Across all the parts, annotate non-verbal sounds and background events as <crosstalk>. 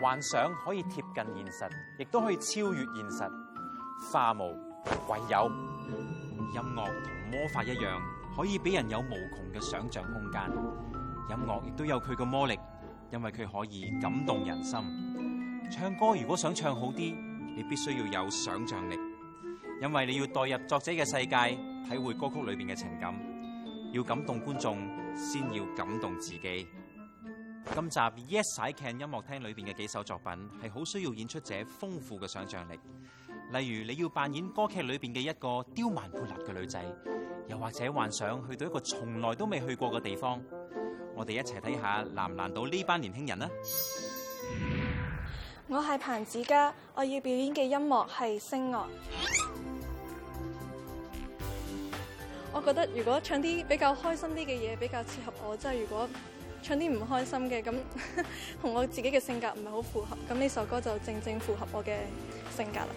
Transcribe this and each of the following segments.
幻想可以貼近現實，亦都可以超越現實。化無唯有，音樂同魔法一樣，可以俾人有無窮嘅想象空間。音樂亦都有佢嘅魔力，因為佢可以感動人心。唱歌如果想唱好啲，你必須要有想象力，因為你要代入作者嘅世界，體會歌曲裏邊嘅情感。要感動觀眾，先要感動自己。今集 Yes I Can 音樂廳裏邊嘅幾首作品係好需要演出者豐富嘅想象力。例如你要扮演歌劇裏邊嘅一個刁蠻潑辣嘅女仔，又或者幻想去到一個從來都未去過嘅地方。我哋一齊睇下難唔難到呢班年輕人呢！我係彭子嘉，我要表演嘅音樂係聲樂。我覺得如果唱啲比較開心啲嘅嘢比較適合我，即係如果。唱啲唔開心嘅，咁同 <laughs> 我自己嘅性格唔係好符合，咁呢首歌就正正符合我嘅性格啦。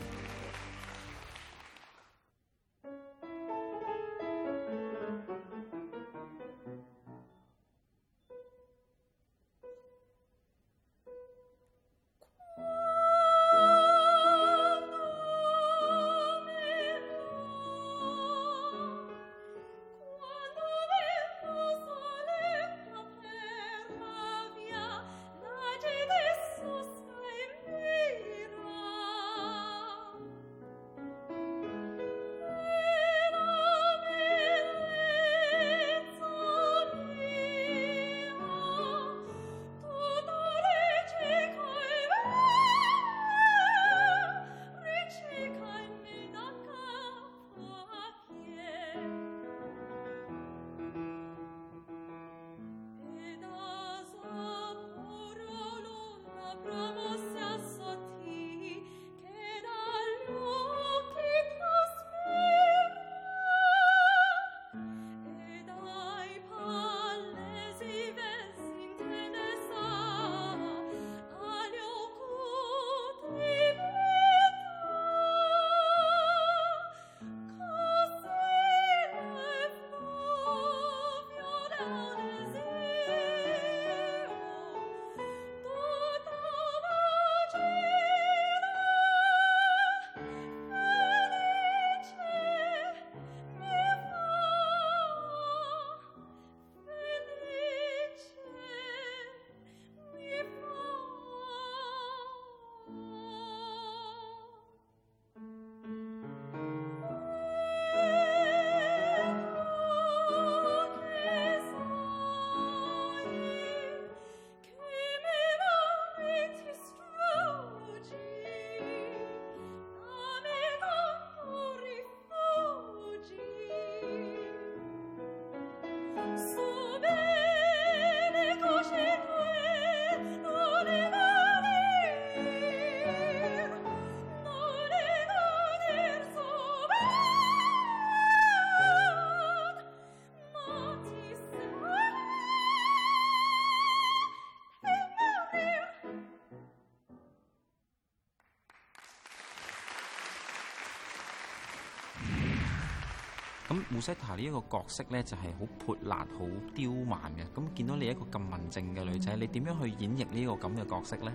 Musetta 呢一個角色咧就係好潑辣、好刁蠻嘅，咁見到你一個咁文靜嘅女仔，你點樣去演繹呢個咁嘅角色咧？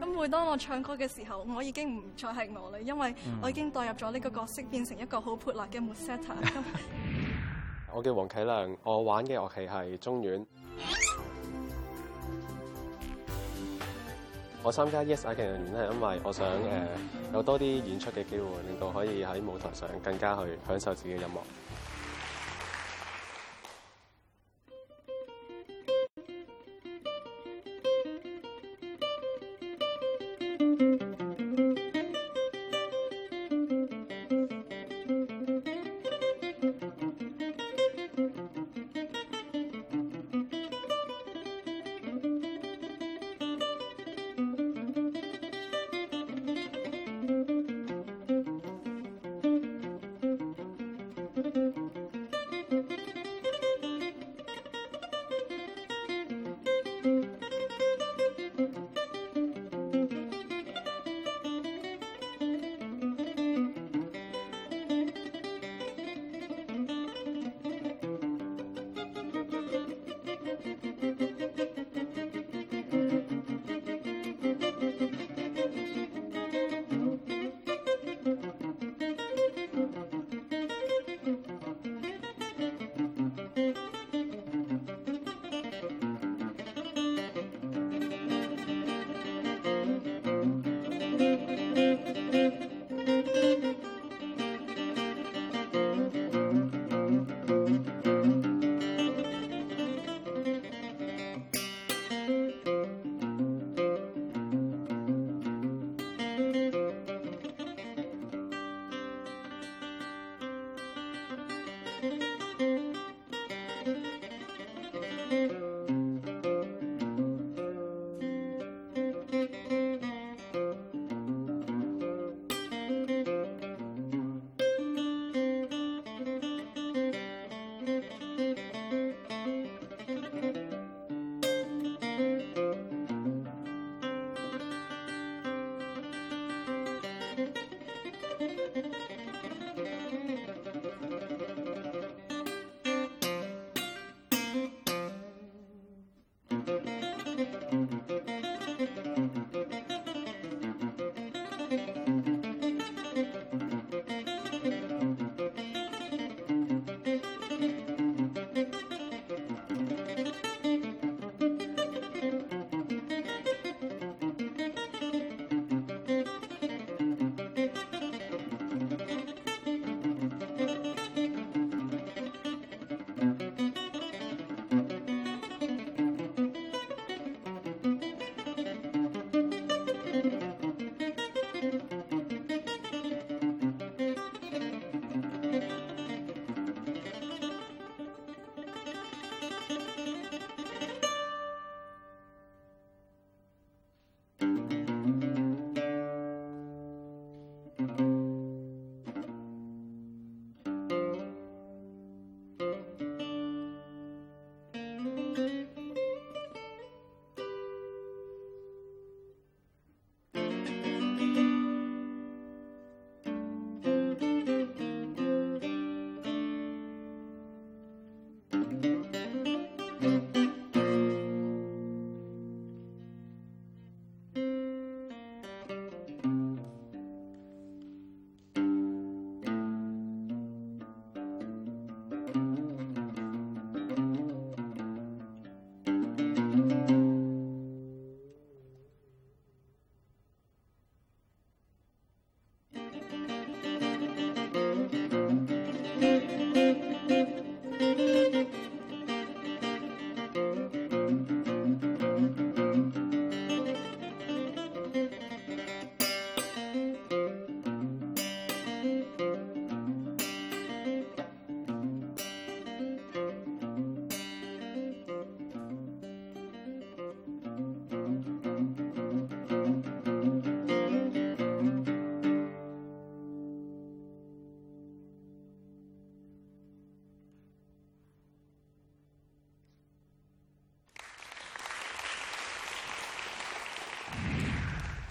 咁每當我唱歌嘅時候，我已經唔再係我啦，因為我已經代入咗呢個角色，變成一個好潑辣嘅 Musetta。 <laughs> <laughs> 我叫黃啟亮，我玩嘅樂器係中阮。 <music> <music> 我參加 Yes I Can 嘅原因係因為我想誒、uh, 有多啲演出嘅機會，令到可以喺舞台上更加去享受自己嘅音樂。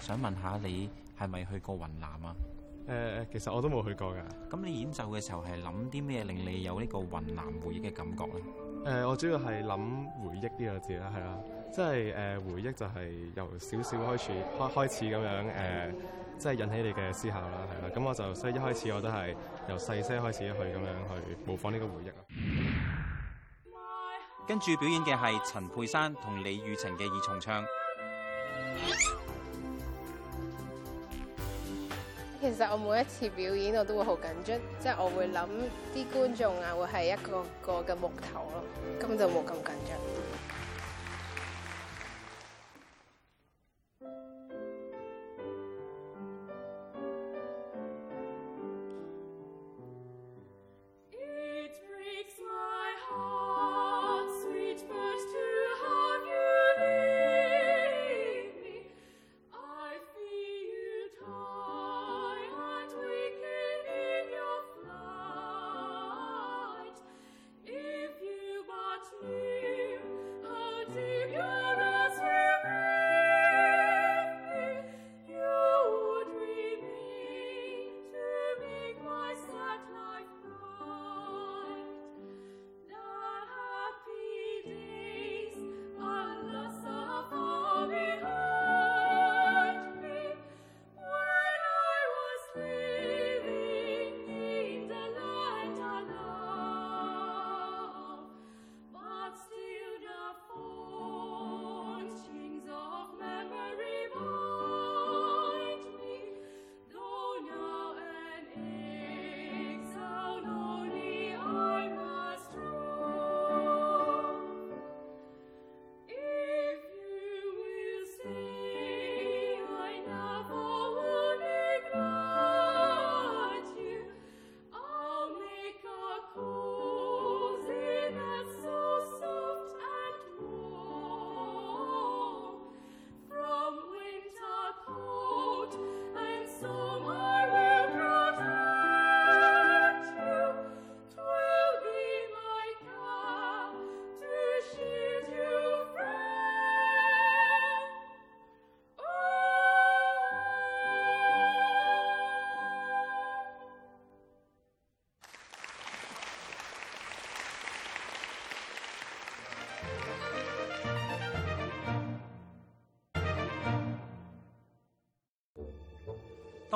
想問下你係咪去過雲南啊？誒、呃，其實我都冇去過㗎。咁你演奏嘅時候係諗啲咩令你有呢個雲南回憶嘅感覺咧？誒、呃，我主要係諗回憶呢個字啦，係啦、啊，即係誒回憶就係由少少開始，開開始咁樣誒，即、呃、係、就是、引起你嘅思考啦，係啦、啊。咁我就所以一開始我都係由細聲開始去咁樣去模仿呢個回憶啊。跟住表演嘅係陳佩珊同李雨晴嘅二重唱。其實我每一次表演我都會好緊張，即係我會諗啲觀眾啊會係一個個嘅木頭咯，咁就冇咁緊張。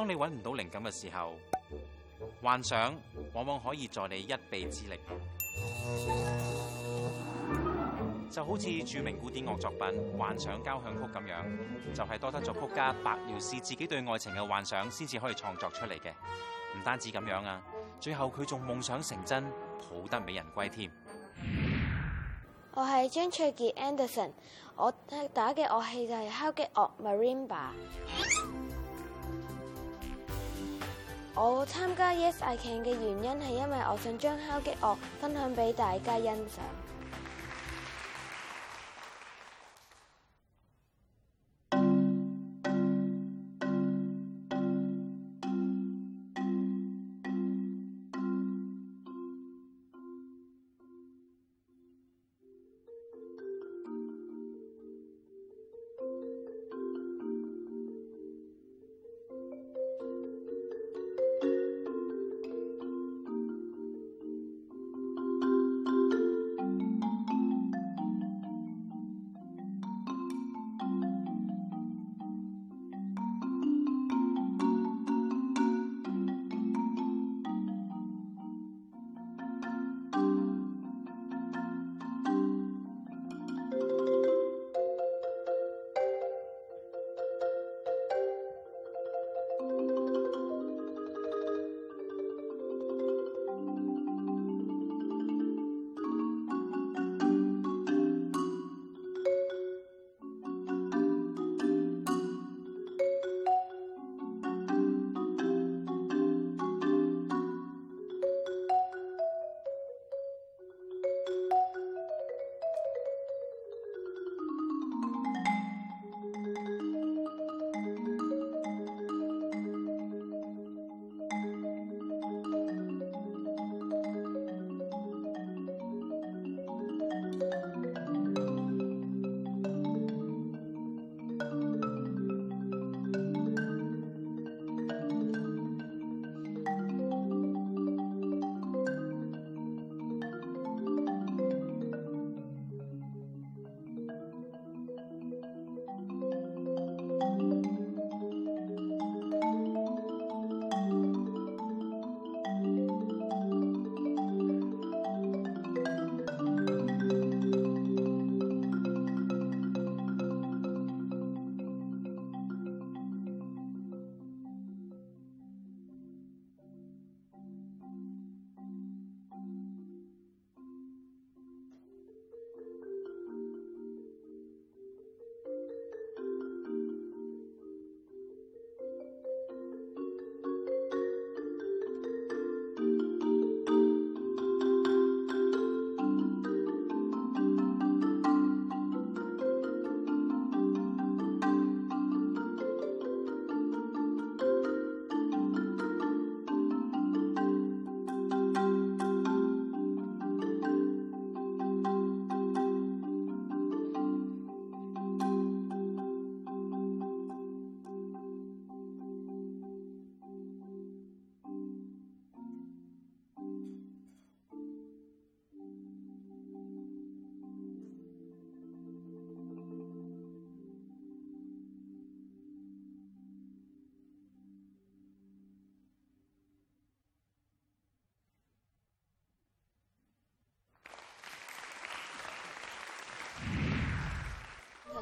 當你揾唔到靈感嘅時候，幻想往往可以助你一臂之力。就好似著名古典樂作品《幻想交響曲》咁樣，就係多得作曲家白遼士自己對愛情嘅幻想先至可以創作出嚟嘅。唔單止咁樣啊，最後佢仲夢想成真，抱得美人歸添。我係張翠傑 Anderson，我打嘅樂器就係敲擊樂 Marimba。我參加 Yes I Can 嘅原因係因為我想將敲擊樂分享俾大家欣賞。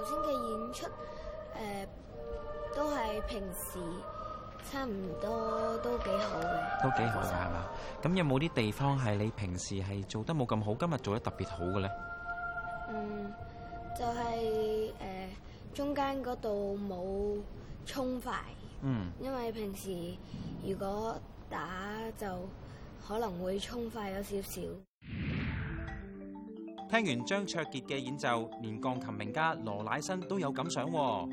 先嘅演出，誒、呃，都係平時差唔多都幾好嘅，都幾好嘅係嘛？咁有冇啲地方係你平時係做得冇咁好，今日做得特別好嘅咧？嗯，就係、是，誒、呃，中間嗰度冇衝快，嗯，因為平時如果打就可能會衝快咗少少。聽完張卓傑嘅演奏，連鋼琴名家羅乃新都有感想我。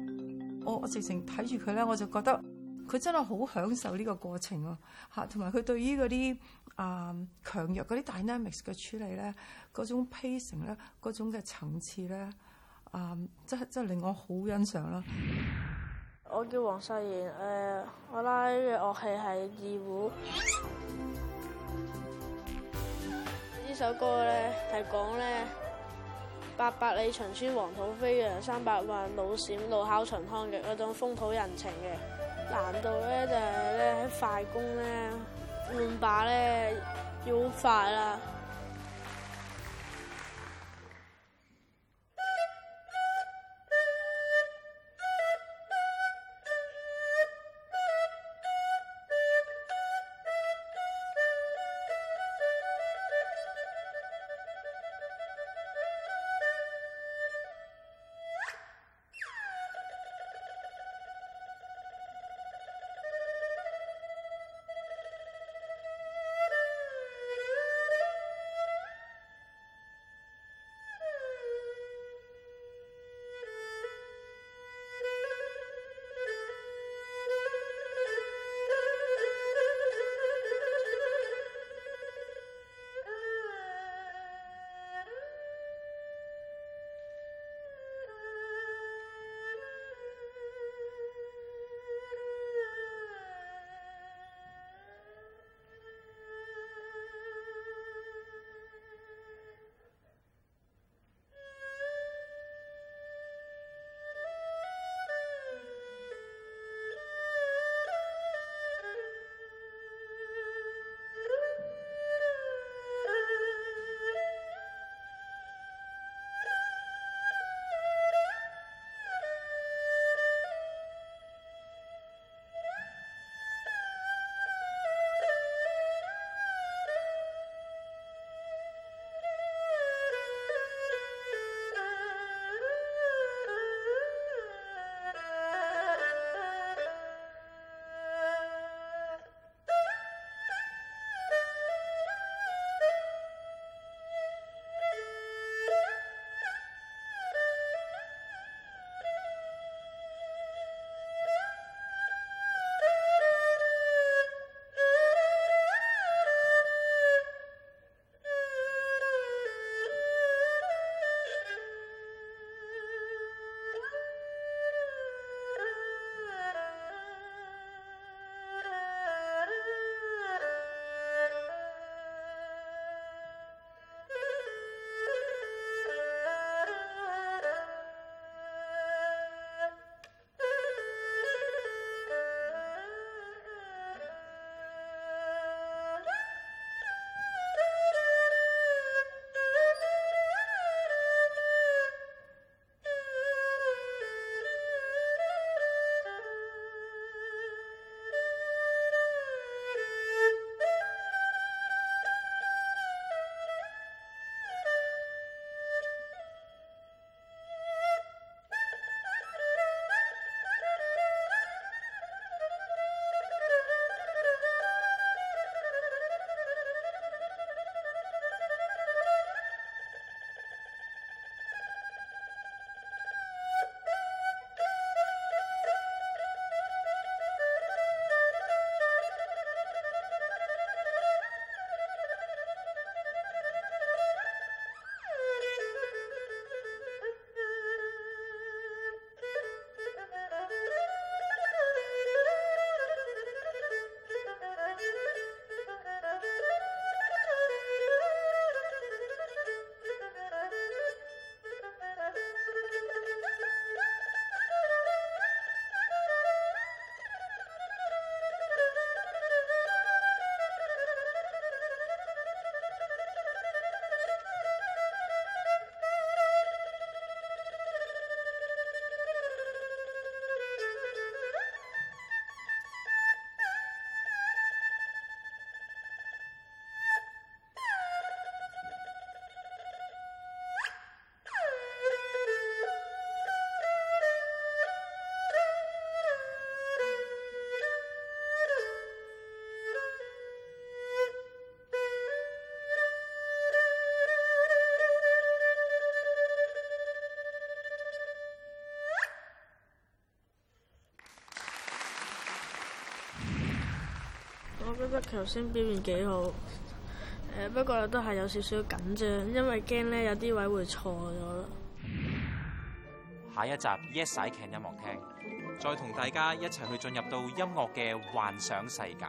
我我直情睇住佢咧，我就覺得佢真係好享受呢個過程哦，吓，同埋佢對於嗰啲啊強弱嗰啲 dynamics 嘅處理咧，嗰種 pacing 咧，嗰種嘅層次咧，啊，真真令我好欣賞啦。我叫黃世賢，誒、呃，我拉嘅樂器係二胡。呢首歌咧係講咧八百里秦川黃土飛揚，三百萬老閃路烤秦腔嘅嗰種風土人情嘅難度咧就係咧喺快攻咧換把咧要好快啦。覺得頭先表現幾好，誒不過都係有少少緊張，因為驚咧有啲位會錯咗。下一集 Yes I Can 音樂廳，再同大家一齊去進入到音樂嘅幻想世界。